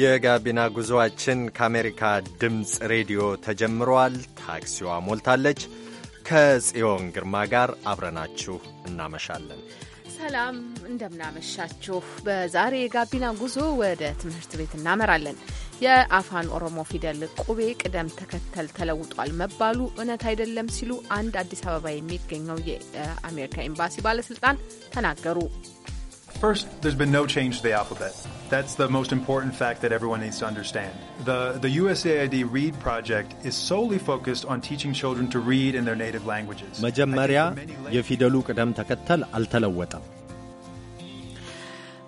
የጋቢና ጉዞአችን ከአሜሪካ ድምፅ ሬዲዮ ተጀምሯል። ታክሲዋ ሞልታለች። ከጽዮን ግርማ ጋር አብረናችሁ እናመሻለን። ሰላም እንደምናመሻችሁ። በዛሬ የጋቢና ጉዞ ወደ ትምህርት ቤት እናመራለን። የአፋን ኦሮሞ ፊደል ቁቤ ቅደም ተከተል ተለውጧል መባሉ እውነት አይደለም ሲሉ አንድ አዲስ አበባ የሚገኘው የአሜሪካ ኤምባሲ ባለስልጣን ተናገሩ። First, there's been no change to the alphabet. That's the most important fact that everyone needs to understand. The, the USAID READ project is solely focused on teaching children to read in their native languages. መጀመሪያ የፊደሉ ቅደም ተከተል አልተለወጠም።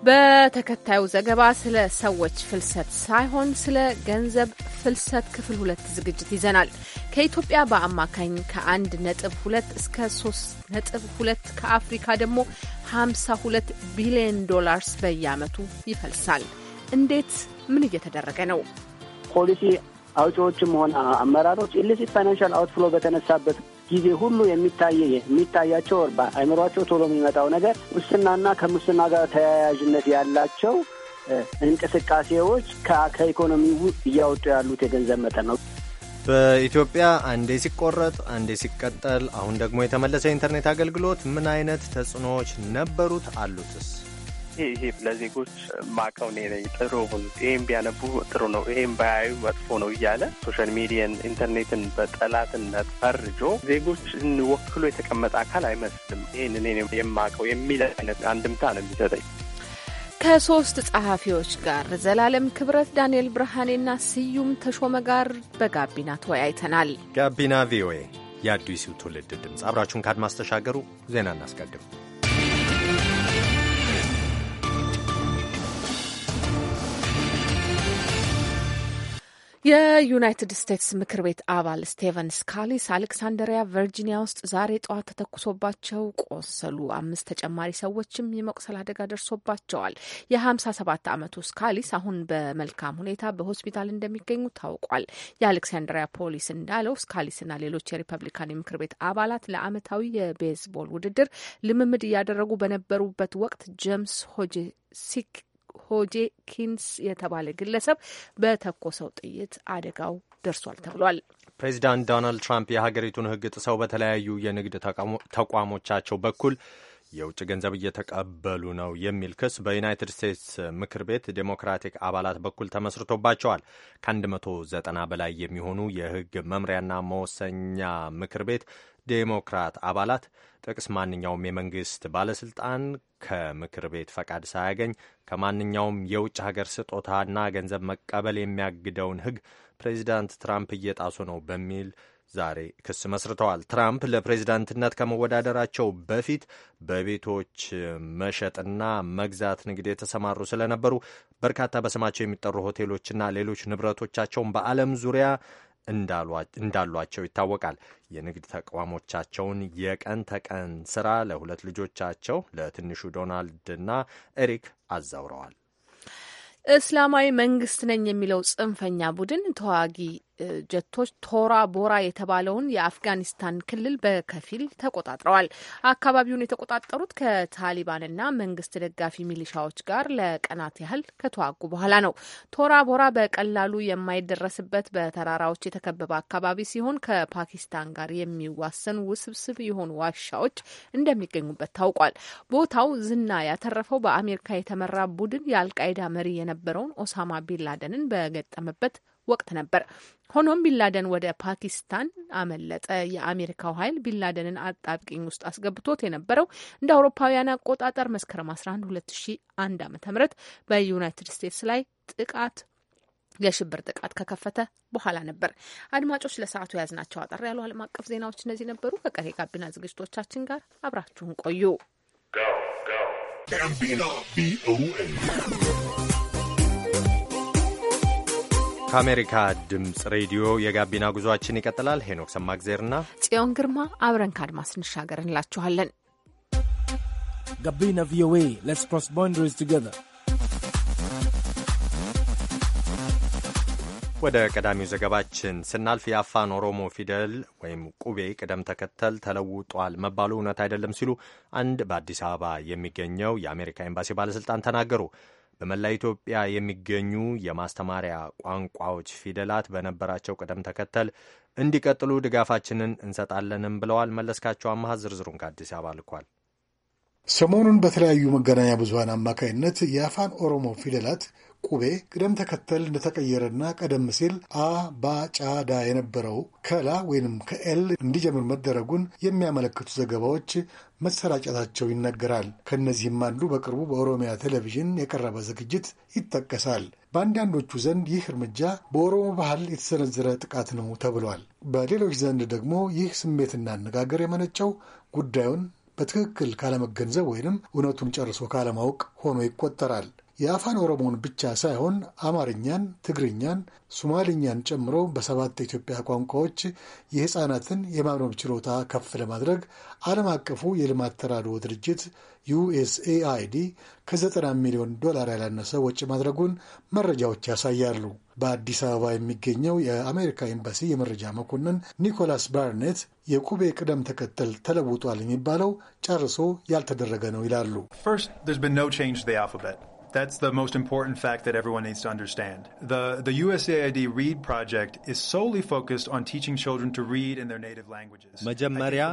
በተከታዩ ዘገባ ስለ ሰዎች ፍልሰት ሳይሆን ስለ ገንዘብ ፍልሰት ክፍል ሁለት ዝግጅት ይዘናል። ከኢትዮጵያ በአማካኝ ከአንድ ነጥብ ሁለት እስከ ሶስት ነጥብ ሁለት ከአፍሪካ ደግሞ ሀምሳ ሁለት ቢሊዮን ዶላርስ በየአመቱ ይፈልሳል። እንዴት? ምን እየተደረገ ነው? ፖሊሲ አውጪዎችም ሆነ አመራሮች ኢሊሲት ፋይናንሻል አውትፍሎ በተነሳበት ጊዜ ሁሉ የሚታየ የሚታያቸው አይምሯቸው ቶሎ የሚመጣው ነገር ሙስናና ከሙስና ጋር ተያያዥነት ያላቸው እንቅስቃሴዎች ከኢኮኖሚው እያወጡ ያሉት የገንዘብ መጠን ነው። በኢትዮጵያ አንዴ ሲቆረጥ አንዴ ሲቀጠል፣ አሁን ደግሞ የተመለሰ የኢንተርኔት አገልግሎት ምን አይነት ተጽዕኖዎች ነበሩት አሉትስ? ይሄ ለዜጎች ማቀው ኔ ነኝ ጥሩ ይሄም ቢያነቡ ጥሩ ነው፣ ይሄም ባያዩ መጥፎ ነው እያለ ሶሻል ሚዲያን ኢንተርኔትን በጠላትነት ፈርጆ ዜጎች ወክሎ የተቀመጠ አካል አይመስልም። ይህንን የማቀው የሚል አይነት አንድምታ ነው የሚሰጠኝ። ከሶስት ጸሐፊዎች ጋር ዘላለም ክብረት፣ ዳንኤል ብርሃኔና ስዩም ተሾመ ጋር በጋቢና ተወያይተናል። ጋቢና ቪኦኤ የአዲሱ ትውልድ ድምፅ። አብራችሁን ካድማስ ተሻገሩ። ዜና እናስቀድም። የዩናይትድ ስቴትስ ምክር ቤት አባል ስቴቨን ስካሊስ አሌክሳንደሪያ ቨርጂኒያ ውስጥ ዛሬ ጠዋት ተተኩሶባቸው ቆሰሉ። አምስት ተጨማሪ ሰዎችም የመቁሰል አደጋ ደርሶባቸዋል። የ57 ዓመቱ ስካሊስ አሁን በመልካም ሁኔታ በሆስፒታል እንደሚገኙ ታውቋል። የአሌክሳንደሪያ ፖሊስ እንዳለው ስካሊስና ሌሎች የሪፐብሊካን የምክር ቤት አባላት ለአመታዊ የቤዝቦል ውድድር ልምምድ እያደረጉ በነበሩበት ወቅት ጀምስ ሆጅ ሲክ ሆጄ ኪንስ የተባለ ግለሰብ በተኮሰው ጥይት አደጋው ደርሷል ተብሏል። ፕሬዚዳንት ዶናልድ ትራምፕ የሀገሪቱን ሕግ ጥሰው በተለያዩ የንግድ ተቋሞቻቸው በኩል የውጭ ገንዘብ እየተቀበሉ ነው የሚል ክስ በዩናይትድ ስቴትስ ምክር ቤት ዴሞክራቲክ አባላት በኩል ተመስርቶባቸዋል። ከ190 በላይ የሚሆኑ የህግ መምሪያና መወሰኛ ምክር ቤት ዴሞክራት አባላት ጥቅስ ማንኛውም የመንግስት ባለስልጣን ከምክር ቤት ፈቃድ ሳያገኝ ከማንኛውም የውጭ ሀገር ስጦታና ገንዘብ መቀበል የሚያግደውን ሕግ ፕሬዚዳንት ትራምፕ እየጣሱ ነው በሚል ዛሬ ክስ መስርተዋል። ትራምፕ ለፕሬዚዳንትነት ከመወዳደራቸው በፊት በቤቶች መሸጥና መግዛት ንግድ የተሰማሩ ስለነበሩ በርካታ በስማቸው የሚጠሩ ሆቴሎችና ሌሎች ንብረቶቻቸውን በዓለም ዙሪያ እንዳሏቸው ይታወቃል። የንግድ ተቋሞቻቸውን የቀን ተቀን ስራ ለሁለት ልጆቻቸው ለትንሹ ዶናልድና ኤሪክ አዛውረዋል። እስላማዊ መንግስት ነኝ የሚለው ጽንፈኛ ቡድን ተዋጊ ጀቶች ቶራ ቦራ የተባለውን የአፍጋኒስታን ክልል በከፊል ተቆጣጥረዋል። አካባቢውን የተቆጣጠሩት ከታሊባንና መንግስት ደጋፊ ሚሊሻዎች ጋር ለቀናት ያህል ከተዋጉ በኋላ ነው። ቶራ ቦራ በቀላሉ የማይደረስበት በተራራዎች የተከበበ አካባቢ ሲሆን ከፓኪስታን ጋር የሚዋሰኑ ውስብስብ የሆኑ ዋሻዎች እንደሚገኙበት ታውቋል። ቦታው ዝና ያተረፈው በአሜሪካ የተመራ ቡድን የአልቃይዳ መሪ የነበረውን ኦሳማ ቢን ላደንን በገጠመበት ወቅት ነበር። ሆኖም ቢንላደን ወደ ፓኪስታን አመለጠ። የአሜሪካው ኃይል ቢንላደንን አጣብቂኝ ውስጥ አስገብቶት የነበረው እንደ አውሮፓውያን አቆጣጠር መስከረም 11 2001 ዓ ም በዩናይትድ ስቴትስ ላይ ጥቃት የሽብር ጥቃት ከከፈተ በኋላ ነበር። አድማጮች ለሰዓቱ የያዝናቸው አጠር ያሉ ዓለም አቀፍ ዜናዎች እነዚህ ነበሩ። ከቀሪ ጋቢና ዝግጅቶቻችን ጋር አብራችሁን ቆዩ። ከአሜሪካ ድምፅ ሬዲዮ የጋቢና ጉዟችን ይቀጥላል። ሄኖክ ሰማግዜርና ጽዮን ግርማ አብረን ከአድማስ ስንሻገር እንላችኋለን። ጋቢና ቪኦኤ ሌትስ ክሮስ ቦንደሪስ ቱጌዘር ወደ ቀዳሚው ዘገባችን ስናልፍ የአፋን ኦሮሞ ፊደል ወይም ቁቤ ቅደም ተከተል ተለውጧል መባሉ እውነት አይደለም ሲሉ አንድ በአዲስ አበባ የሚገኘው የአሜሪካ ኤምባሲ ባለሥልጣን ተናገሩ። በመላ ኢትዮጵያ የሚገኙ የማስተማሪያ ቋንቋዎች ፊደላት በነበራቸው ቅደም ተከተል እንዲቀጥሉ ድጋፋችንን እንሰጣለንም ብለዋል። መለስካቸው አመሀ ዝርዝሩን ከአዲስ አበባ ልኳል። ሰሞኑን በተለያዩ መገናኛ ብዙኃን አማካይነት የአፋን ኦሮሞ ፊደላት ቁቤ ቅደም ተከተል እንደተቀየረና ቀደም ሲል አ ባ ጫ ዳ የነበረው ከላ ወይንም ከኤል እንዲጀምር መደረጉን የሚያመለክቱ ዘገባዎች መሰራጨታቸው ይነገራል። ከእነዚህም አንዱ በቅርቡ በኦሮሚያ ቴሌቪዥን የቀረበ ዝግጅት ይጠቀሳል። በአንዳንዶቹ ዘንድ ይህ እርምጃ በኦሮሞ ባህል የተሰነዘረ ጥቃት ነው ተብሏል። በሌሎች ዘንድ ደግሞ ይህ ስሜትና አነጋገር የመነጨው ጉዳዩን በትክክል ካለመገንዘብ ወይንም እውነቱን ጨርሶ ካለማወቅ ሆኖ ይቆጠራል። የአፋን ኦሮሞን ብቻ ሳይሆን አማርኛን፣ ትግርኛን፣ ሱማሊኛን ጨምሮ በሰባት የኢትዮጵያ ቋንቋዎች የሕፃናትን የማንበብ ችሎታ ከፍ ለማድረግ ዓለም አቀፉ የልማት ተራድኦ ድርጅት ዩኤስኤአይዲ ከ90 ሚሊዮን ዶላር ያላነሰ ወጪ ማድረጉን መረጃዎች ያሳያሉ። በአዲስ አበባ የሚገኘው የአሜሪካ ኤምባሲ የመረጃ መኮንን ኒኮላስ ባርኔት የቁቤ ቅደም ተከተል ተለውጧል የሚባለው ጨርሶ ያልተደረገ ነው ይላሉ። That's the most important fact that everyone needs to understand. The, the USAID Read project is solely focused on teaching children to read in their native languages. መጀመሪያ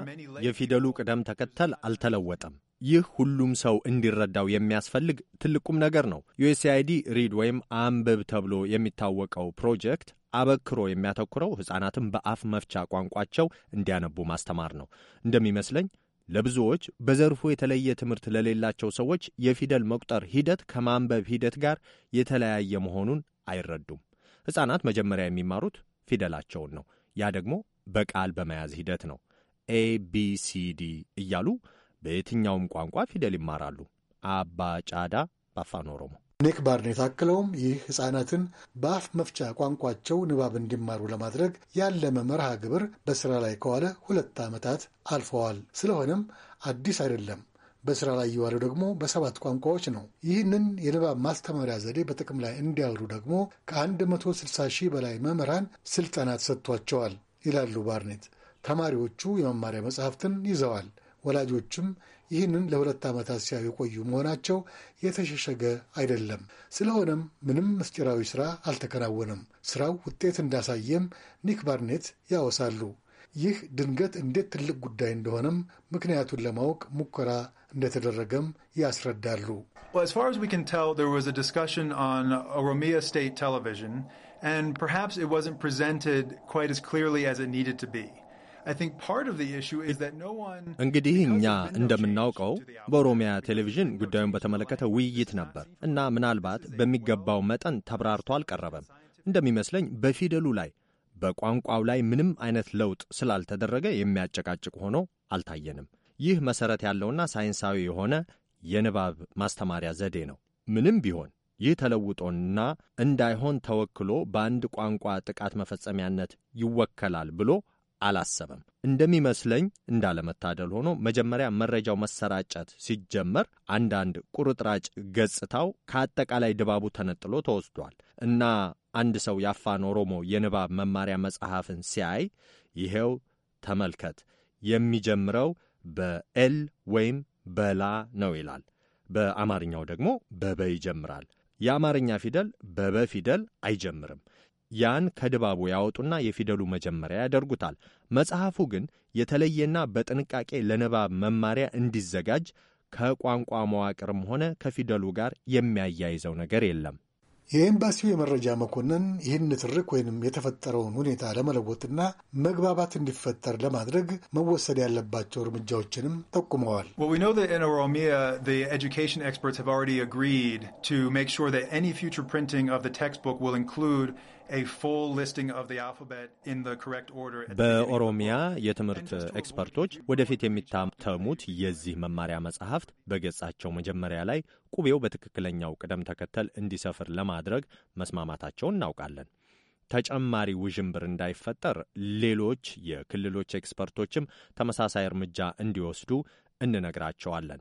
የፊደሉ ቅደም ተከተል አልተለወጠም። ይህ ሁሉም ሰው እንዲረዳው የሚያስፈልግ ትልቁም ነገር ነው። ዩኤስአይዲ ሪድ ወይም አንብብ ተብሎ የሚታወቀው ፕሮጀክት አበክሮ የሚያተኩረው ሕፃናትን በአፍ መፍቻ ቋንቋቸው እንዲያነቡ ማስተማር ነው እንደሚመስለኝ። ለብዙዎች በዘርፉ የተለየ ትምህርት ለሌላቸው ሰዎች የፊደል መቁጠር ሂደት ከማንበብ ሂደት ጋር የተለያየ መሆኑን አይረዱም። ሕፃናት መጀመሪያ የሚማሩት ፊደላቸውን ነው። ያ ደግሞ በቃል በመያዝ ሂደት ነው። ኤ ቢ ሲ ዲ እያሉ በየትኛውም ቋንቋ ፊደል ይማራሉ። አባ ጫዳ በአፋን ኦሮሞ ኒክ ባርኔት አክለውም ይህ ህጻናትን በአፍ መፍቻ ቋንቋቸው ንባብ እንዲማሩ ለማድረግ ያለመ መርሃ ግብር በስራ ላይ ከዋለ ሁለት ዓመታት አልፈዋል። ስለሆነም አዲስ አይደለም። በስራ ላይ የዋለው ደግሞ በሰባት ቋንቋዎች ነው። ይህንን የንባብ ማስተማሪያ ዘዴ በጥቅም ላይ እንዲያውሉ ደግሞ ከ160 ሺህ በላይ መምህራን ስልጠና ተሰጥቷቸዋል ይላሉ ባርኔት። ተማሪዎቹ የመማሪያ መጽሐፍትን ይዘዋል። ወላጆችም ይህንን ለሁለት ዓመታት ሲያዩ የቆዩ መሆናቸው የተሸሸገ አይደለም። ስለሆነም ምንም ምስጢራዊ ሥራ አልተከናወነም። ሥራው ውጤት እንዳሳየም ኒክ ባርኔት ያወሳሉ። ይህ ድንገት እንዴት ትልቅ ጉዳይ እንደሆነም ምክንያቱን ለማወቅ ሙከራ እንደተደረገም ያስረዳሉ። And perhaps it እንግዲህ እኛ እንደምናውቀው በኦሮሚያ ቴሌቪዥን ጉዳዩን በተመለከተ ውይይት ነበር እና ምናልባት በሚገባው መጠን ተብራርቶ አልቀረበም። እንደሚመስለኝ በፊደሉ ላይ በቋንቋው ላይ ምንም አይነት ለውጥ ስላልተደረገ የሚያጨቃጭቅ ሆኖ አልታየንም። ይህ መሰረት ያለውና ሳይንሳዊ የሆነ የንባብ ማስተማሪያ ዘዴ ነው። ምንም ቢሆን ይህ ተለውጦና እንዳይሆን ተወክሎ በአንድ ቋንቋ ጥቃት መፈጸሚያነት ይወከላል ብሎ አላሰበም። እንደሚመስለኝ እንዳለመታደል ሆኖ መጀመሪያ መረጃው መሰራጨት ሲጀመር አንዳንድ ቁርጥራጭ ገጽታው ከአጠቃላይ ድባቡ ተነጥሎ ተወስዷል እና አንድ ሰው የአፋን ኦሮሞ የንባብ መማሪያ መጽሐፍን ሲያይ ይሄው ተመልከት የሚጀምረው በኤል ወይም በላ ነው ይላል። በአማርኛው ደግሞ በበ ይጀምራል። የአማርኛ ፊደል በበ ፊደል አይጀምርም። ያን ከድባቡ ያወጡና የፊደሉ መጀመሪያ ያደርጉታል። መጽሐፉ ግን የተለየና በጥንቃቄ ለንባብ መማሪያ እንዲዘጋጅ ከቋንቋ መዋቅርም ሆነ ከፊደሉ ጋር የሚያያይዘው ነገር የለም። የኤምባሲው የመረጃ መኮንን ይህን ንትርክ ወይንም የተፈጠረውን ሁኔታ ለመለወጥና መግባባት እንዲፈጠር ለማድረግ መወሰድ ያለባቸው እርምጃዎችንም ጠቁመዋል። በኦሮሚያ የትምህርት ኤክስፐርቶች ወደፊት uh, የሚታተሙት የዚህ መማሪያ መጽሐፍት በገጻቸው መጀመሪያ ላይ ቁቤው በትክክለኛው ቅደም ተከተል እንዲሰፍር ለማድረግ መስማማታቸውን እናውቃለን። ተጨማሪ ውዥንብር እንዳይፈጠር ሌሎች የክልሎች ኤክስፐርቶችም ተመሳሳይ እርምጃ እንዲወስዱ እንነግራቸዋለን።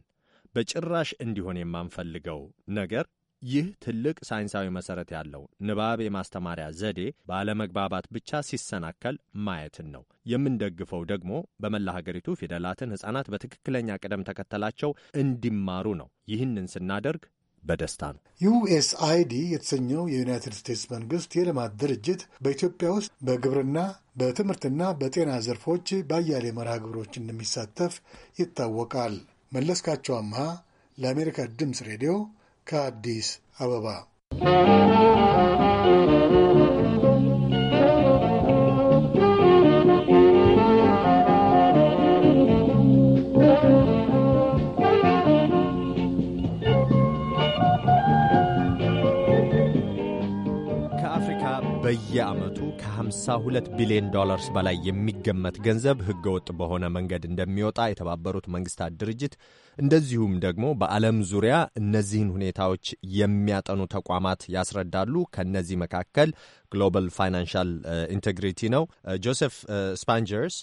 በጭራሽ እንዲሆን የማንፈልገው ነገር ይህ ትልቅ ሳይንሳዊ መሰረት ያለው ንባብ የማስተማሪያ ዘዴ ባለመግባባት ብቻ ሲሰናከል ማየትን ነው። የምንደግፈው ደግሞ በመላ ሀገሪቱ ፊደላትን ሕፃናት በትክክለኛ ቅደም ተከተላቸው እንዲማሩ ነው። ይህንን ስናደርግ በደስታ ነው። ዩኤስአይዲ የተሰኘው የዩናይትድ ስቴትስ መንግስት የልማት ድርጅት በኢትዮጵያ ውስጥ በግብርና በትምህርትና በጤና ዘርፎች በአያሌ መርሃ ግብሮች እንደሚሳተፍ ይታወቃል። መለስካቸው አምሃ ለአሜሪካ ድምፅ ሬዲዮ ከአዲስ አበባ በየዓመቱ ከ52 ቢሊዮን ዶላርስ በላይ የሚ የሚገመት ገንዘብ ህገወጥ በሆነ መንገድ እንደሚወጣ የተባበሩት መንግስታት ድርጅት እንደዚሁም ደግሞ በዓለም ዙሪያ እነዚህን ሁኔታዎች የሚያጠኑ ተቋማት ያስረዳሉ። ከነዚህ መካከል ግሎባል ፋይናንሻል ኢንቴግሪቲ ነው። ጆሴፍ ስፓንጀርስ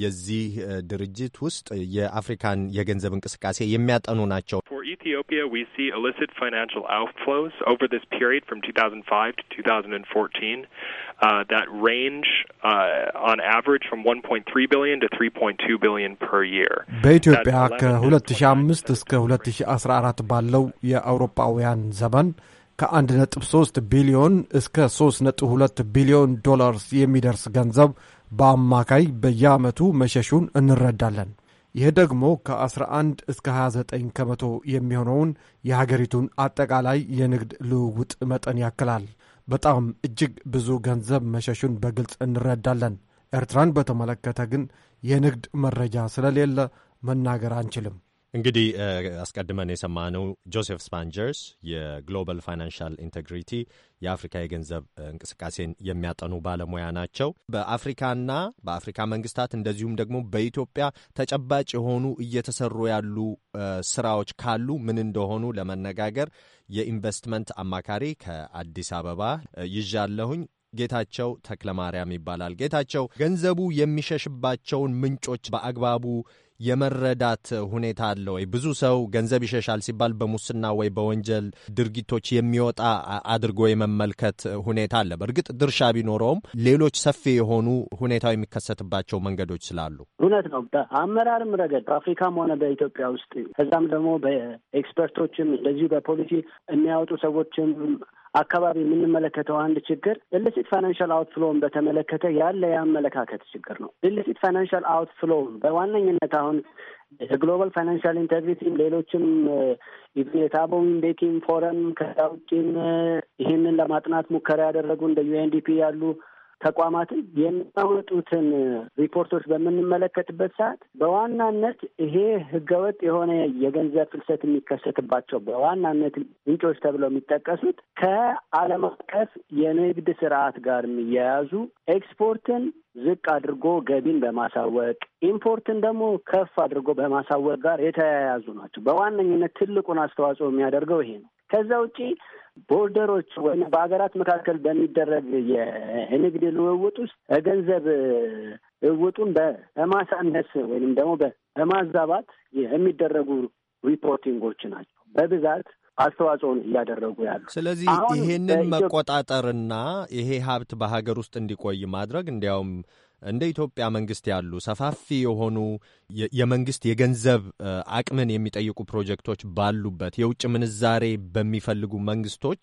የዚህ ድርጅት ውስጥ የአፍሪካን የገንዘብ እንቅስቃሴ የሚያጠኑ ናቸው። ኢትዮጵያ ሪንጅ ኦን አቨሬጅ ፍሮም 1.3 billion to 3.2 billion per year በኢትዮጵያ ከ2005 እስከ 2014 ባለው የአውሮፓውያን ዘመን ከ1.3 ቢሊዮን እስከ 3.2 ቢሊዮን ዶላርስ የሚደርስ ገንዘብ በአማካይ በየዓመቱ መሸሹን እንረዳለን። ይህ ደግሞ ከ11 እስከ 29 ከመቶ የሚሆነውን የሀገሪቱን አጠቃላይ የንግድ ልውውጥ መጠን ያክላል። በጣም እጅግ ብዙ ገንዘብ መሸሹን በግልጽ እንረዳለን። ኤርትራን በተመለከተ ግን የንግድ መረጃ ስለሌለ መናገር አንችልም። እንግዲህ አስቀድመን የሰማነው ጆሴፍ ስፓንጀርስ የግሎባል ፋይናንሻል ኢንቴግሪቲ የአፍሪካ የገንዘብ እንቅስቃሴን የሚያጠኑ ባለሙያ ናቸው። በአፍሪካና በአፍሪካ መንግስታት እንደዚሁም ደግሞ በኢትዮጵያ ተጨባጭ የሆኑ እየተሰሩ ያሉ ስራዎች ካሉ ምን እንደሆኑ ለመነጋገር የኢንቨስትመንት አማካሪ ከአዲስ አበባ ይዣለሁኝ። ጌታቸው ተክለማርያም ይባላል። ጌታቸው ገንዘቡ የሚሸሽባቸውን ምንጮች በአግባቡ የመረዳት ሁኔታ አለ ወይ? ብዙ ሰው ገንዘብ ይሸሻል ሲባል በሙስና ወይ በወንጀል ድርጊቶች የሚወጣ አድርጎ የመመልከት ሁኔታ አለ። በእርግጥ ድርሻ ቢኖረውም ሌሎች ሰፊ የሆኑ ሁኔታው የሚከሰትባቸው መንገዶች ስላሉ እውነት ነው። በአመራርም ረገድ በአፍሪካም ሆነ በኢትዮጵያ ውስጥ ከዛም ደግሞ በኤክስፐርቶችም እንደዚሁ በፖሊሲ የሚያወጡ ሰዎችም አካባቢ የምንመለከተው አንድ ችግር ኢሊሲት ፋይናንሻል አውትፍሎውን በተመለከተ ያለ የአመለካከት ችግር ነው። ኢሊሲት ፋይናንሻል አውትፍሎውን በዋነኝነት አሁን የግሎባል ፋይናንሻል ኢንቴግሪቲም ሌሎችም የታቦም ቤኪም ፎረም ከዛ ውጪም ይህንን ለማጥናት ሙከራ ያደረጉ እንደ ዩኤንዲፒ ያሉ ተቋማትን የሚያወጡትን ሪፖርቶች በምንመለከትበት ሰዓት በዋናነት ይሄ ህገወጥ የሆነ የገንዘብ ፍልሰት የሚከሰትባቸው በዋናነት ምንጮች ተብለው የሚጠቀሱት ከዓለም አቀፍ የንግድ ስርዓት ጋር የሚያያዙ ኤክስፖርትን ዝቅ አድርጎ ገቢን በማሳወቅ ኢምፖርትን ደግሞ ከፍ አድርጎ በማሳወቅ ጋር የተያያዙ ናቸው። በዋነኝነት ትልቁን አስተዋጽኦ የሚያደርገው ይሄ ነው። ከዛ ውጪ ቦርደሮች ወይም በሀገራት መካከል በሚደረግ የንግድ ልውውጥ ውስጥ የገንዘብ ልውውጡን በማሳነስ ወይም ደግሞ በማዛባት የሚደረጉ ሪፖርቲንጎች ናቸው በብዛት አስተዋጽኦን እያደረጉ ያሉ። ስለዚህ ይሄንን መቆጣጠርና ይሄ ሀብት በሀገር ውስጥ እንዲቆይ ማድረግ እንዲያውም እንደ ኢትዮጵያ መንግስት ያሉ ሰፋፊ የሆኑ የመንግስት የገንዘብ አቅምን የሚጠይቁ ፕሮጀክቶች ባሉበት የውጭ ምንዛሬ በሚፈልጉ መንግስቶች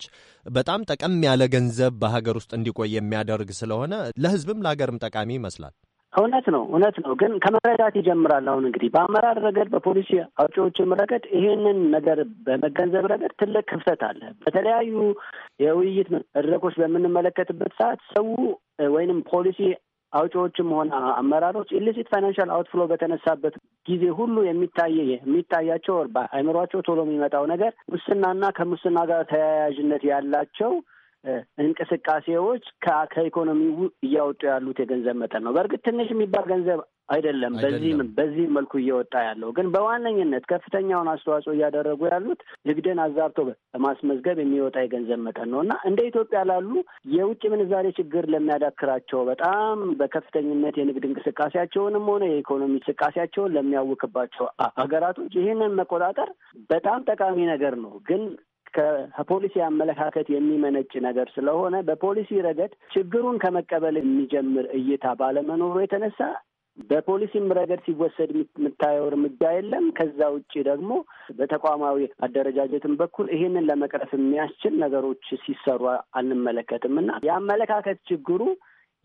በጣም ጠቀም ያለ ገንዘብ በሀገር ውስጥ እንዲቆይ የሚያደርግ ስለሆነ ለህዝብም ለሀገርም ጠቃሚ ይመስላል። እውነት ነው፣ እውነት ነው። ግን ከመረዳት ይጀምራል። አሁን እንግዲህ በአመራር ረገድ፣ በፖሊሲ አውጪዎችም ረገድ ይሄንን ነገር በመገንዘብ ረገድ ትልቅ ክፍተት አለ። በተለያዩ የውይይት መድረኮች በምንመለከትበት ሰዓት ሰው ወይንም ፖሊሲ አውጪዎችም ሆነ አመራሮች ኢሊሲት ፋይናንሻል አውትፍሎ በተነሳበት ጊዜ ሁሉ የሚታየ የሚታያቸው በአእምሯቸው ቶሎ የሚመጣው ነገር ሙስናና ከሙስና ጋር ተያያዥነት ያላቸው እንቅስቃሴዎች ከኢኮኖሚው እያወጡ ያሉት የገንዘብ መጠን ነው። በእርግጥ ትንሽ የሚባል ገንዘብ አይደለም። በዚህም በዚህ መልኩ እየወጣ ያለው ግን በዋነኝነት ከፍተኛውን አስተዋጽኦ እያደረጉ ያሉት ንግድን አዛብቶ በማስመዝገብ የሚወጣ የገንዘብ መጠን ነው እና እንደ ኢትዮጵያ ላሉ የውጭ ምንዛሬ ችግር ለሚያዳክራቸው በጣም በከፍተኝነት የንግድ እንቅስቃሴያቸውንም ሆነ የኢኮኖሚ እንቅስቃሴያቸውን ለሚያውክባቸው አገራቶች ይህንን መቆጣጠር በጣም ጠቃሚ ነገር ነው ግን ከፖሊሲ አመለካከት የሚመነጭ ነገር ስለሆነ በፖሊሲ ረገድ ችግሩን ከመቀበል የሚጀምር እይታ ባለመኖሩ የተነሳ በፖሊሲም ረገድ ሲወሰድ የምታየው እርምጃ የለም። ከዛ ውጭ ደግሞ በተቋማዊ አደረጃጀትም በኩል ይህንን ለመቅረፍ የሚያስችል ነገሮች ሲሰሩ አንመለከትም እና የአመለካከት ችግሩ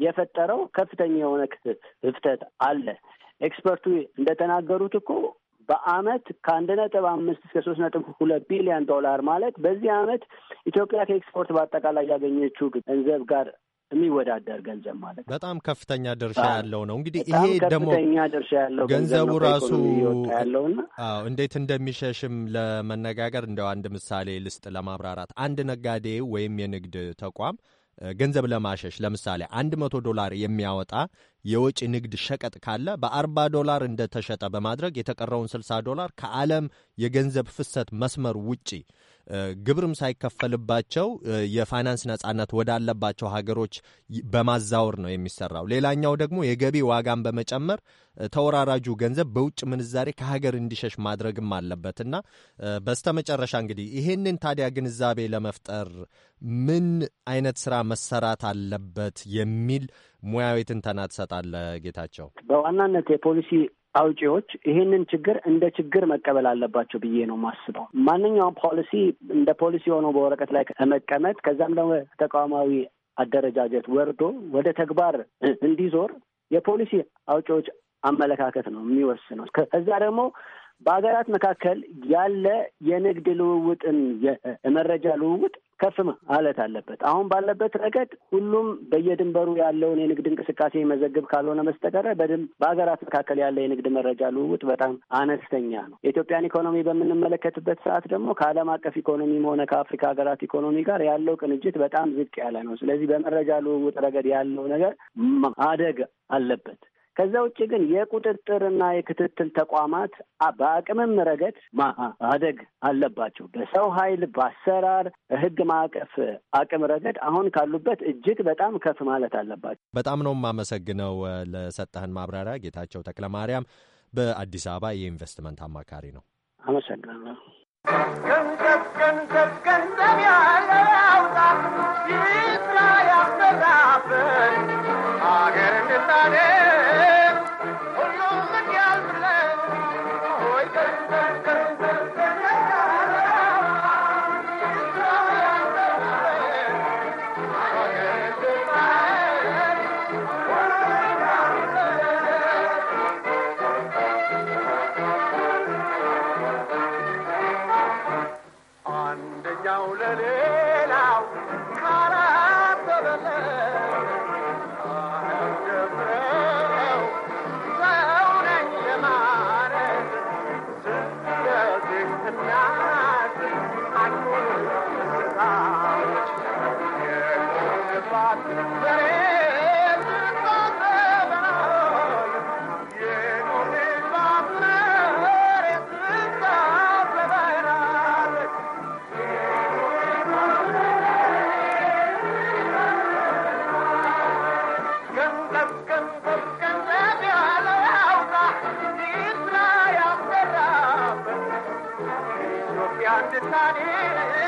የፈጠረው ከፍተኛ የሆነ ክፍተት አለ። ኤክስፐርቱ እንደተናገሩት እኮ በአመት ከአንድ ነጥብ አምስት እስከ ሶስት ነጥብ ሁለት ቢሊዮን ዶላር ማለት በዚህ አመት ኢትዮጵያ ከኤክስፖርት በአጠቃላይ ያገኘችው ገንዘብ ጋር የሚወዳደር ገንዘብ ማለት ነው። በጣም ከፍተኛ ድርሻ ያለው ነው። እንግዲህ ይሄ ደግሞ ድርሻ ያለው ገንዘቡ ራሱ ያለውና እንዴት እንደሚሸሽም ለመነጋገር እንደው አንድ ምሳሌ ልስጥ ለማብራራት። አንድ ነጋዴ ወይም የንግድ ተቋም ገንዘብ ለማሸሽ ለምሳሌ አንድ መቶ ዶላር የሚያወጣ የወጪ ንግድ ሸቀጥ ካለ በአርባ ዶላር እንደተሸጠ በማድረግ የተቀረውን ስልሳ ዶላር ከዓለም የገንዘብ ፍሰት መስመር ውጪ ግብርም ሳይከፈልባቸው የፋይናንስ ነጻነት ወዳለባቸው ሀገሮች በማዛወር ነው የሚሰራው። ሌላኛው ደግሞ የገቢ ዋጋን በመጨመር ተወራራጁ ገንዘብ በውጭ ምንዛሬ ከሀገር እንዲሸሽ ማድረግም አለበት እና በስተመጨረሻ እንግዲህ ይሄንን ታዲያ ግንዛቤ ለመፍጠር ምን አይነት ስራ መሰራት አለበት የሚል ሙያዊ ትንተና ትሰጣለህ ጌታቸው? በዋናነት የፖሊሲ አውጪዎች ይህንን ችግር እንደ ችግር መቀበል አለባቸው ብዬ ነው ማስበው። ማንኛውም ፖሊሲ እንደ ፖሊሲ ሆኖ በወረቀት ላይ መቀመጥ ከዛም ደግሞ ተቋማዊ አደረጃጀት ወርዶ ወደ ተግባር እንዲዞር የፖሊሲ አውጪዎች አመለካከት ነው የሚወስነው። ከዛ ደግሞ በሀገራት መካከል ያለ የንግድ ልውውጥን የመረጃ ልውውጥ ከፍ ማለት አለበት። አሁን ባለበት ረገድ ሁሉም በየድንበሩ ያለውን የንግድ እንቅስቃሴ መዘግብ ካልሆነ በስተቀረ በድም በሀገራት መካከል ያለ የንግድ መረጃ ልውውጥ በጣም አነስተኛ ነው። የኢትዮጵያን ኢኮኖሚ በምንመለከትበት ሰዓት ደግሞ ከዓለም አቀፍ ኢኮኖሚም ሆነ ከአፍሪካ ሀገራት ኢኮኖሚ ጋር ያለው ቅንጅት በጣም ዝቅ ያለ ነው። ስለዚህ በመረጃ ልውውጥ ረገድ ያለው ነገር አደግ አለበት። ከዛ ውጭ ግን የቁጥጥርና የክትትል ተቋማት በአቅምም ረገድ ማደግ አለባቸው። በሰው ኃይል፣ በአሰራር፣ ህግ ማዕቀፍ አቅም ረገድ አሁን ካሉበት እጅግ በጣም ከፍ ማለት አለባቸው። በጣም ነው የማመሰግነው ለሰጠህን ማብራሪያ ጌታቸው ተክለ ማርያም በአዲስ አበባ የኢንቨስትመንት አማካሪ ነው። አመሰግናለሁ። ገንዘብ ገንዘብ ገንዘብ ያለ አውጣ ይስራ ያሰራበት አገር ምሳሌ Thank you.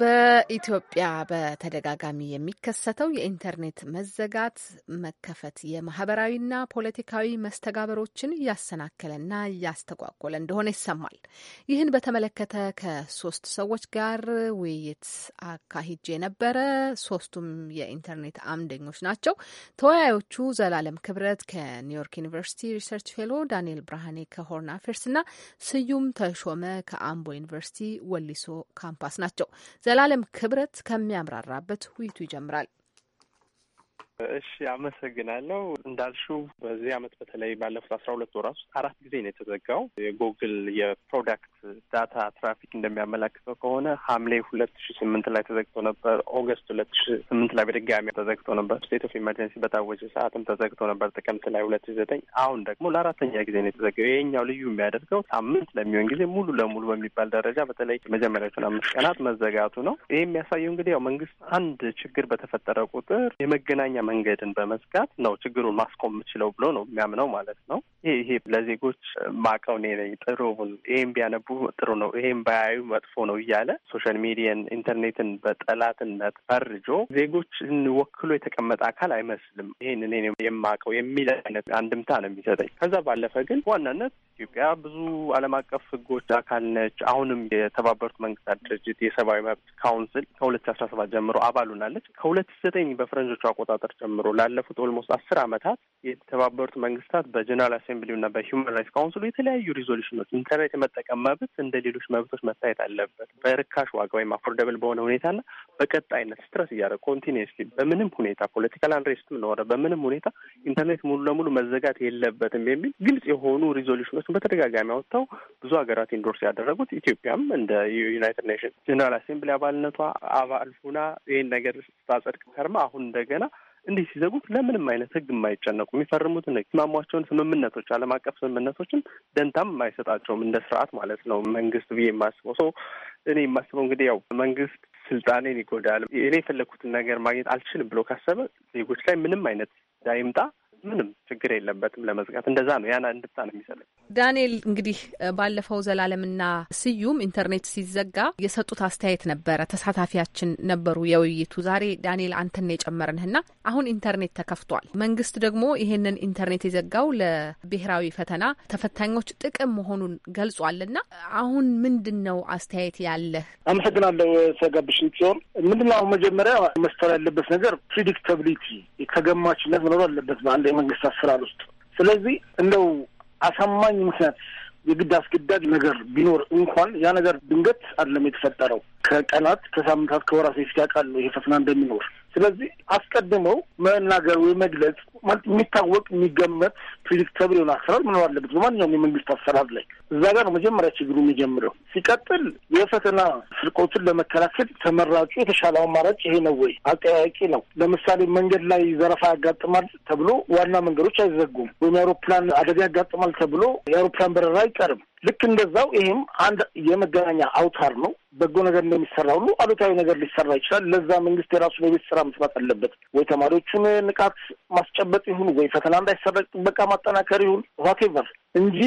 በኢትዮጵያ በተደጋጋሚ የሚከሰተው የኢንተርኔት መዘጋት መከፈት የማህበራዊና ፖለቲካዊ መስተጋበሮችን እያሰናከለና እያስተጓጎለ እንደሆነ ይሰማል። ይህን በተመለከተ ከሶስት ሰዎች ጋር ውይይት አካሂጄ ነበረ። ሶስቱም የኢንተርኔት አምደኞች ናቸው። ተወያዮቹ ዘላለም ክብረት ከኒውዮርክ ዩኒቨርሲቲ ሪሰርች ፌሎ፣ ዳንኤል ብርሃኔ ከሆርን አፌርስ እና ስዩም ተሾመ ከአምቦ ዩኒቨርሲቲ ወሊሶ ካምፓስ ናቸው። ዘላለም ክብረት ከሚያምራራበት ውይይቱ ይጀምራል። እሺ አመሰግናለሁ። እንዳልሽው በዚህ አመት በተለይ ባለፉት አስራ ሁለት ወራት ውስጥ አራት ጊዜ ነው የተዘጋው። የጉግል የፕሮዳክት ዳታ ትራፊክ እንደሚያመላክተው ከሆነ ሐምሌ ሁለት ሺ ስምንት ላይ ተዘግቶ ነበር። ኦገስት ሁለት ሺ ስምንት ላይ በድጋሚ ተዘግቶ ነበር። ስቴት ኦፍ ኢመርጀንሲ በታወጀ ሰዓትም ተዘግቶ ነበር፣ ጥቅምት ላይ ሁለት ሺ ዘጠኝ አሁን ደግሞ ለአራተኛ ጊዜ ነው የተዘጋው። ይሄኛው ልዩ የሚያደርገው ሳምንት ለሚሆን ጊዜ ሙሉ ለሙሉ በሚባል ደረጃ በተለይ መጀመሪያዎቹን አምስት ቀናት መዘጋቱ ነው። ይህ የሚያሳየው እንግዲህ ያው መንግስት አንድ ችግር በተፈጠረ ቁጥር የመገናኛ መንገድን በመዝጋት ነው ችግሩን ማስቆም የምችለው ብሎ ነው የሚያምነው ማለት ነው። ይሄ ይሄ ለዜጎች ማቀው እኔ ነኝ ጥሩ፣ ይሄም ቢያነቡ ጥሩ ነው፣ ይሄም ባያዩ መጥፎ ነው እያለ ሶሻል ሚዲያን ኢንተርኔትን በጠላትነት ፈርጆ ዜጎችን ወክሎ የተቀመጠ አካል አይመስልም። ይሄን እኔ የማቀው የሚል አይነት አንድምታ ነው የሚሰጠኝ። ከዛ ባለፈ ግን ዋናነት ኢትዮጵያ ብዙ ዓለም አቀፍ ህጎች አካል ነች። አሁንም የተባበሩት መንግስታት ድርጅት የሰብአዊ መብት ካውንስል ከሁለት ሺ አስራ ሰባት ጀምሮ አባል ሆናለች። ከሁለት ሺ ዘጠኝ በፈረንጆቹ አቆጣጠር ጀምሮ ላለፉት ኦልሞስት አስር ዓመታት የተባበሩት መንግስታት በጀነራል አሴምብሊው እና በሂውማን ራይትስ ካውንስሉ የተለያዩ ሪዞሉሽኖች ኢንተርኔት የመጠቀም መብት እንደ ሌሎች መብቶች መታየት አለበት በርካሽ ዋጋ ወይም አፎርደብል በሆነ ና በቀጣይነት ስትረስ እያደረገ ኮንቲኒስሊ በምንም ሁኔታ ፖለቲካል አንሬስትም ኖረ በምንም ሁኔታ ኢንተርኔት ሙሉ ለሙሉ መዘጋት የለበትም የሚል ግልጽ የሆኑ ሪዞሉሽኖች ሪዞሉሽን በተደጋጋሚ አውጥተው ብዙ ሀገራት ኢንዶርስ ያደረጉት ኢትዮጵያም እንደ ዩናይትድ ኔሽንስ ጀነራል አሴምብሊ አባልነቷ አባል ሁና ይህን ነገር ስታጸድቅ ከርማ አሁን እንደገና እንዲህ ሲዘጉት ለምንም አይነት ህግ የማይጨነቁ የሚፈርሙት የሚስማሟቸውን ስምምነቶች ዓለም አቀፍ ስምምነቶችን ደንታም የማይሰጣቸውም እንደ ስርዓት ማለት ነው መንግስት ብዬ የማስበው ሰው እኔ የማስበው እንግዲህ ያው መንግስት ስልጣኔን ይጎዳል፣ እኔ የፈለግኩትን ነገር ማግኘት አልችልም ብሎ ካሰበ ዜጎች ላይ ምንም አይነት ዳይምጣ ምንም ችግር የለበትም ለመዝጋት እንደዛ ነው ያና እንድታ ነው የሚሰለኝ። ዳንኤል እንግዲህ ባለፈው ዘላለምና ስዩም ኢንተርኔት ሲዘጋ የሰጡት አስተያየት ነበረ። ተሳታፊያችን ነበሩ የውይይቱ። ዛሬ ዳንኤል አንተን የጨመርንህና አሁን ኢንተርኔት ተከፍቷል። መንግስት ደግሞ ይሄንን ኢንተርኔት የዘጋው ለብሔራዊ ፈተና ተፈታኞች ጥቅም መሆኑን ገልጿልና አሁን ምንድን ነው አስተያየት ያለህ? አመሰግናለሁ ሰጋብሽ ጽዮን። ምንድን ነው አሁን መጀመሪያ መስተር ያለበት ነገር ፕሪዲክታብሊቲ፣ ተገማችነት መኖር አለበት በአንድ የመንግስት አሰራር ውስጥ ስለዚህ እንደው አሳማኝ ምክንያት የግድ አስገዳጅ ነገር ቢኖር እንኳን ያ ነገር ድንገት አይደለም የተፈጠረው። ከቀናት ከሳምንታት፣ ከወራት በፊት ያውቃሉ ይሄ ፈተና እንደሚኖር ስለዚህ አስቀድመው መናገር ወይ መግለጽ ማለት የሚታወቅ የሚገመት ፕሪዲክተብል የሆነ አሰራር መኖር አለበት በማንኛውም የመንግስት አሰራር ላይ። እዛ ጋር ነው መጀመሪያ ችግሩ የሚጀምረው። ሲቀጥል የፈተና ስርቆትን ለመከላከል ተመራጩ የተሻለ አማራጭ ይሄ ነው ወይ አጠያቂ ነው። ለምሳሌ መንገድ ላይ ዘረፋ ያጋጥማል ተብሎ ዋና መንገዶች አይዘጉም፣ ወይም የአውሮፕላን አደጋ ያጋጥማል ተብሎ የአውሮፕላን በረራ አይቀርም። ልክ እንደዛው ይሄም አንድ የመገናኛ አውታር ነው። በጎ ነገር እንደሚሰራ ሁሉ አሉታዊ ነገር ሊሰራ ይችላል። ለዛ መንግስት የራሱን የቤት ስራ መስራት አለበት። ወይ ተማሪዎቹን ንቃት ማስጨበጥ ይሁን፣ ወይ ፈተና እንዳይሰረቅ ጥበቃ ማጠናከር ይሁን፣ ዋቴቨር እንጂ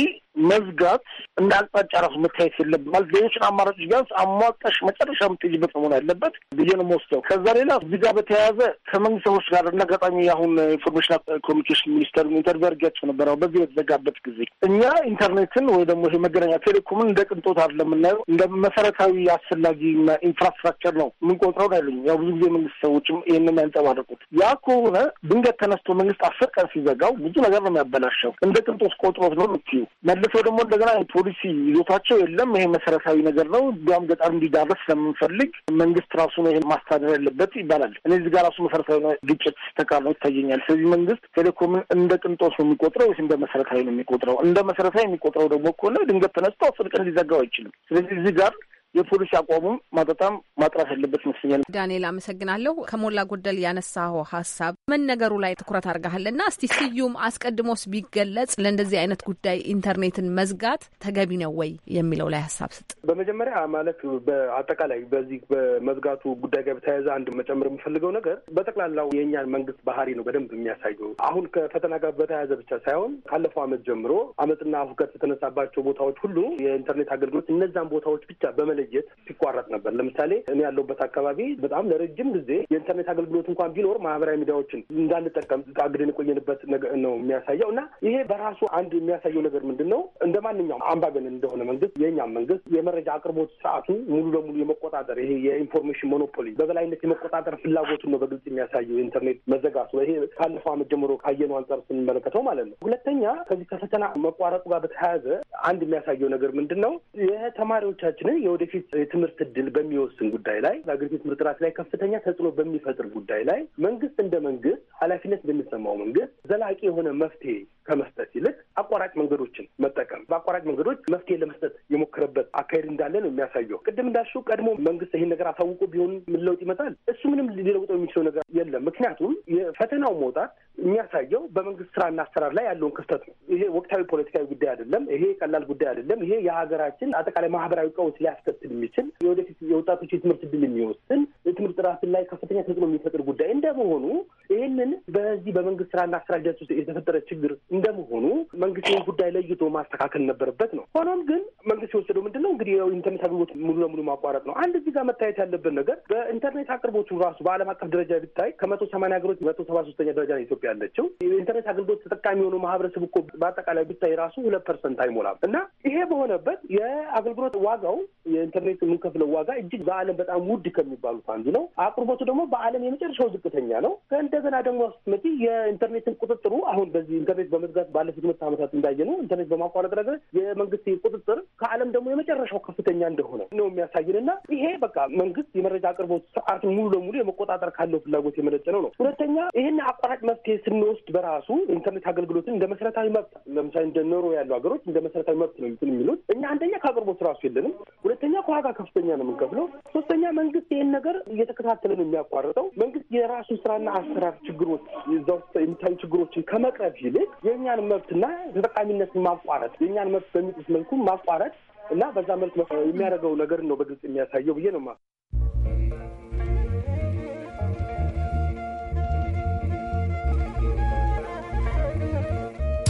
መዝጋት እንደ አቅጣጫ ራሱ መታየት የለብም። ማለት ሌሎችን አማራጮች ቢያንስ አሟጠሽ መጨረሻ የምትሄጂበት መሆን ያለበት ብዬ ነው የምወስደው። ከዛ ሌላ እዚህ ጋር በተያያዘ ከመንግስት ሰዎች ጋር እና አጋጣሚ አሁን ኢንፎርሜሽን ኮሚኒኬሽን ሚኒስተር ኢንተርቪው አድርጊያቸው ነበረ። በዚህ በተዘጋበት ጊዜ እኛ ኢንተርኔትን ወይ ደግሞ ይሄ መገናኛ ቴሌኮምን እንደ ቅንጦት አይደለም የምናየው፣ እንደ መሰረታዊ አስፈላጊ ኢንፍራስትራክቸር ነው የምንቆጥረው አይሉኝ። ያው ብዙ ጊዜ መንግስት ሰዎችም ይህንን ያንጸባረቁት። ያ ከሆነ ድንገት ተነስቶ መንግስት አስር ቀን ሲዘጋው ብዙ ነገር ነው የሚያበላሸው። እንደ ቅንጦት ቆጥሮት ነው የምትዩ መልሶ ደግሞ እንደገና የፖሊሲ ይዞታቸው የለም። ይሄ መሰረታዊ ነገር ነው። እንዲያውም ገጠር እንዲዳረስ ስለምንፈልግ መንግስት ራሱ ነው ይሄን ማስተዳደር ያለበት ይባላል። እኔ እዚህ ጋር ራሱ መሰረታዊ ግጭት ተቃርኖ ይታየኛል። ስለዚህ መንግስት ቴሌኮምን እንደ ቅንጦ ነው የሚቆጥረው ወይስ እንደ መሰረታዊ ነው የሚቆጥረው? እንደ መሰረታዊ የሚቆጥረው ደግሞ ከሆነ ድንገት ተነስቶ አስር ሊዘጋው አይችልም። ስለዚህ እዚህ ጋር የፖሊስ አቋሙም ማጠጣም ማጥራት ያለበት ይመስለኛል። ዳንኤል አመሰግናለሁ። ከሞላ ጎደል ያነሳው ሀሳብ መነገሩ ላይ ትኩረት አድርገሃልና እስቲ ስዩም አስቀድሞስ ቢገለጽ ለእንደዚህ አይነት ጉዳይ ኢንተርኔትን መዝጋት ተገቢ ነው ወይ የሚለው ላይ ሀሳብ ስጥ። በመጀመሪያ ማለት በአጠቃላይ በዚህ በመዝጋቱ ጉዳይ ጋር በተያያዘ አንድ መጨመር የምፈልገው ነገር በጠቅላላው የእኛን መንግስት ባህሪ ነው በደንብ የሚያሳየው። አሁን ከፈተና ጋር በተያያዘ ብቻ ሳይሆን ካለፈው አመት ጀምሮ አመፅና ሁከት የተነሳባቸው ቦታዎች ሁሉ የኢንተርኔት አገልግሎት እነዛን ቦታዎች ብቻ በመ መለየት ሲቋረጥ ነበር። ለምሳሌ እኔ ያለሁበት አካባቢ በጣም ለረጅም ጊዜ የኢንተርኔት አገልግሎት እንኳን ቢኖር ማህበራዊ ሚዲያዎችን እንዳንጠቀም አግደን የቆየንበት ነው የሚያሳየው እና ይሄ በራሱ አንድ የሚያሳየው ነገር ምንድን ነው? እንደ ማንኛውም አምባገነን እንደሆነ መንግስት የእኛም መንግስት የመረጃ አቅርቦት ስርዓቱ ሙሉ ለሙሉ የመቆጣጠር ይሄ የኢንፎርሜሽን ሞኖፖሊ በበላይነት የመቆጣጠር ፍላጎቱን ነው በግልጽ የሚያሳየው የኢንተርኔት መዘጋቱ። ይሄ ካለፈው አመት ጀምሮ ካየነው አንጻር ስንመለከተው ማለት ነው። ሁለተኛ ከዚህ ከፈተና መቋረጡ ጋር በተያያዘ አንድ የሚያሳየው ነገር ምንድን ነው? የተማሪዎቻችንን የወደ የወደፊት የትምህርት እድል በሚወስን ጉዳይ ላይ በሀገሪቱ የትምህርት ጥራት ላይ ከፍተኛ ተጽዕኖ በሚፈጥር ጉዳይ ላይ መንግስት እንደ መንግስት ኃላፊነት እንደሚሰማው መንግስት ዘላቂ የሆነ መፍትሄ ከመስጠት ይልቅ አቋራጭ መንገዶችን መጠቀም በአቋራጭ መንገዶች መፍትሄ ለመስጠት የሞከረበት አካሄድ እንዳለ ነው የሚያሳየው። ቅድም እንዳልሽው ቀድሞ መንግስት ይህን ነገር አሳውቆ ቢሆን ምን ለውጥ ይመጣል? እሱ ምንም ሊለውጠው የሚችለው ነገር የለም። ምክንያቱም የፈተናው መውጣት የሚያሳየው በመንግስት ስራና አሰራር ላይ ያለውን ክፍተት ነው። ይሄ ወቅታዊ ፖለቲካዊ ጉዳይ አይደለም። ይሄ ቀላል ጉዳይ አይደለም። ይሄ የሀገራችን አጠቃላይ ማህበራዊ ቀውስ ሊያስከትል የሚችል የወደፊት የወጣቶች የትምህርት ድል የሚወስን የትምህርት ጥራትን ላይ ከፍተኛ ተጽዕኖ የሚፈጥር ጉዳይ እንደመሆኑ ይህንን በዚህ በመንግስት ስራና አሰራር ሂደት ውስጥ የተፈጠረ ችግር እንደመሆኑ መንግስት ይህን ጉዳይ ለይቶ ማስተካከል ነበረበት ነው። ሆኖም ግን መንግስት የወሰደው ምንድን ነው እንግዲህ ኢንተርኔት አቅርቦት ሙሉ ለሙሉ ማቋረጥ ነው። አንድ እዚህ ጋር መታየት ያለበት ነገር በኢንተርኔት አቅርቦቱ ራሱ በዓለም አቀፍ ደረጃ ቢታይ ከመቶ ሰማንያ ሀገሮች መቶ ሰባ ሶስተኛ ደረጃ ነው ኢትዮጵያ ያለችው። የኢንተርኔት አገልግሎት ተጠቃሚ የሆነው ማህበረሰብ እኮ በአጠቃላይ ቢታይ ራሱ ሁለት ፐርሰንት አይሞላም እና ይሄ በሆነበት የአገልግሎት ዋጋው የኢንተርኔት የምንከፍለው ዋጋ እጅግ በዓለም በጣም ውድ ከሚባሉት አንዱ ነው። አቅርቦቱ ደግሞ በዓለም የመጨረሻው ዝቅተኛ ነው። ከእንደገና ደግሞ ስትመጪ የኢንተርኔትን ቁጥጥሩ አሁን በዚህ ኢንተርኔት በመዝጋት ባለፉት ሁለት ዓመታት እንዳየ ነው ኢንተርኔት በማቋረጥ ረገድ የመንግስት ቁጥጥር ከዓለም ደግሞ የመጨረሻው ከፍተኛ እንደሆነ ነው የሚያሳይን እና ይሄ በቃ መንግስት የመረጃ አቅርቦት ስርዓት ሙሉ ለሙሉ የመቆጣጠር ካለው ፍላጎት የመነጨ ነው ነው። ሁለተኛ ይህን አቋራጭ መፍትሄ ስንወስድ በራሱ ኢንተርኔት አገልግሎትን እንደ መሰረታዊ መብት ለምሳሌ እንደ ኖሮ ያሉ ሀገሮች እንደ መሰረታዊ መብት ነው የሚሉት። እኛ አንደኛ ከአቅርቦት ራሱ የለንም፣ ሁለተኛ ከዋጋ ከፍተኛ ነው የምንከፍለው፣ ሶስተኛ መንግስት ይህን ነገር እየተከታተለ ነው የሚያቋርጠው መንግስት የራሱ ስራና አሰራር ችግሮች እዛ ውስጥ የሚታዩ ችግሮችን ከመቅረብ ይልቅ የእኛን መብትና ተጠቃሚነትን ማቋረጥ የእኛን መብት በሚጥስ መልኩ ማቋረጥ እና በዛ መልክ የሚያደርገው ነገር ነው በግልጽ የሚያሳየው ብዬ ነው ማ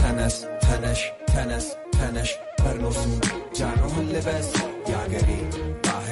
ተነስ ተነሽ ተነስ ተነሽ በርኖሱ ጃኖህን ልበስ የአገሬ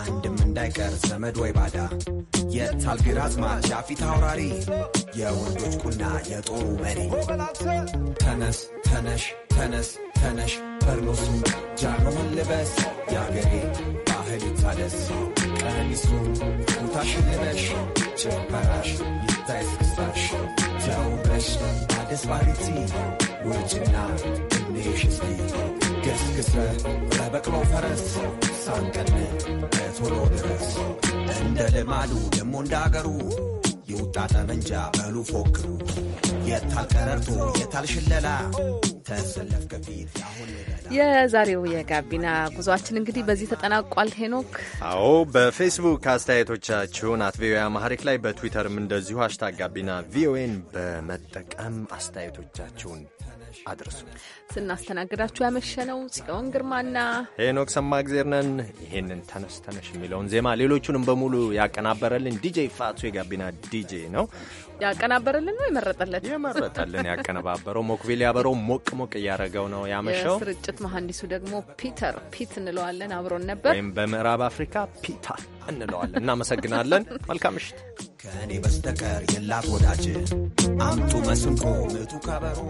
አንድም እንዳይቀር ዘመድ ወይ ባዳ የታልግራዝማች ፊት አውራሪ የወንዶች ቁና የጦሩ መሪ ተነስ ተነሽ ተነስ ተነሽ በርኖሱን ጃኖውን ልበስ የአገሬ ባህል ይታደስ ቀነኒሱ ቁታሽልነሽ ጭፈራሽ ይታይ እስክሳሽ ተውበሽ አዲስ ባሪቲ ውጭና እኔሽ እስቲ ገስግሰ በበቅሎ ፈረስ ሳንቀን በቶሎ ድረስ እንደ ልማዱ ደሞ እንዳገሩ የውጣ ጠመንጃ በሉ ፎክሩ የታል ቀረርቶ የታል ሽለላ የዛሬው የጋቢና ጉዞአችን እንግዲህ በዚህ ተጠናቋል። ሄኖክ አዎ፣ በፌስቡክ አስተያየቶቻችሁን አት ቪኦኤ አማሪክ ላይ በትዊተርም እንደዚሁ ሀሽታግ ጋቢና ቪኦኤን በመጠቀም አስተያየቶቻችሁን አድርሱ። ስናስተናግዳችሁ ያመሸነው ጽዮን ግርማና ሄኖክ እግዜር ነን። ይሄንን ተነስ ተነሽ የሚለውን ዜማ ሌሎቹንም በሙሉ ያቀናበረልን ዲጄ ፋቱ የጋቢና ዲጄ ነው። ያቀናበረልን ነው የመረጠለት የመረጠልን ያቀነባበረው ሞክቤል ያበረው ሞቅ ሞቅ እያደረገው ነው ያመሸው። ስርጭት መሐንዲሱ ደግሞ ፒተር ፒት እንለዋለን አብሮን ነበር፣ ወይም በምዕራብ አፍሪካ ፒታ እንለዋለን። እናመሰግናለን። መልካም ምሽት። ከእኔ በስተቀር የላት ወዳጅ አምጡ መስንቆ ምቱ ከበሮ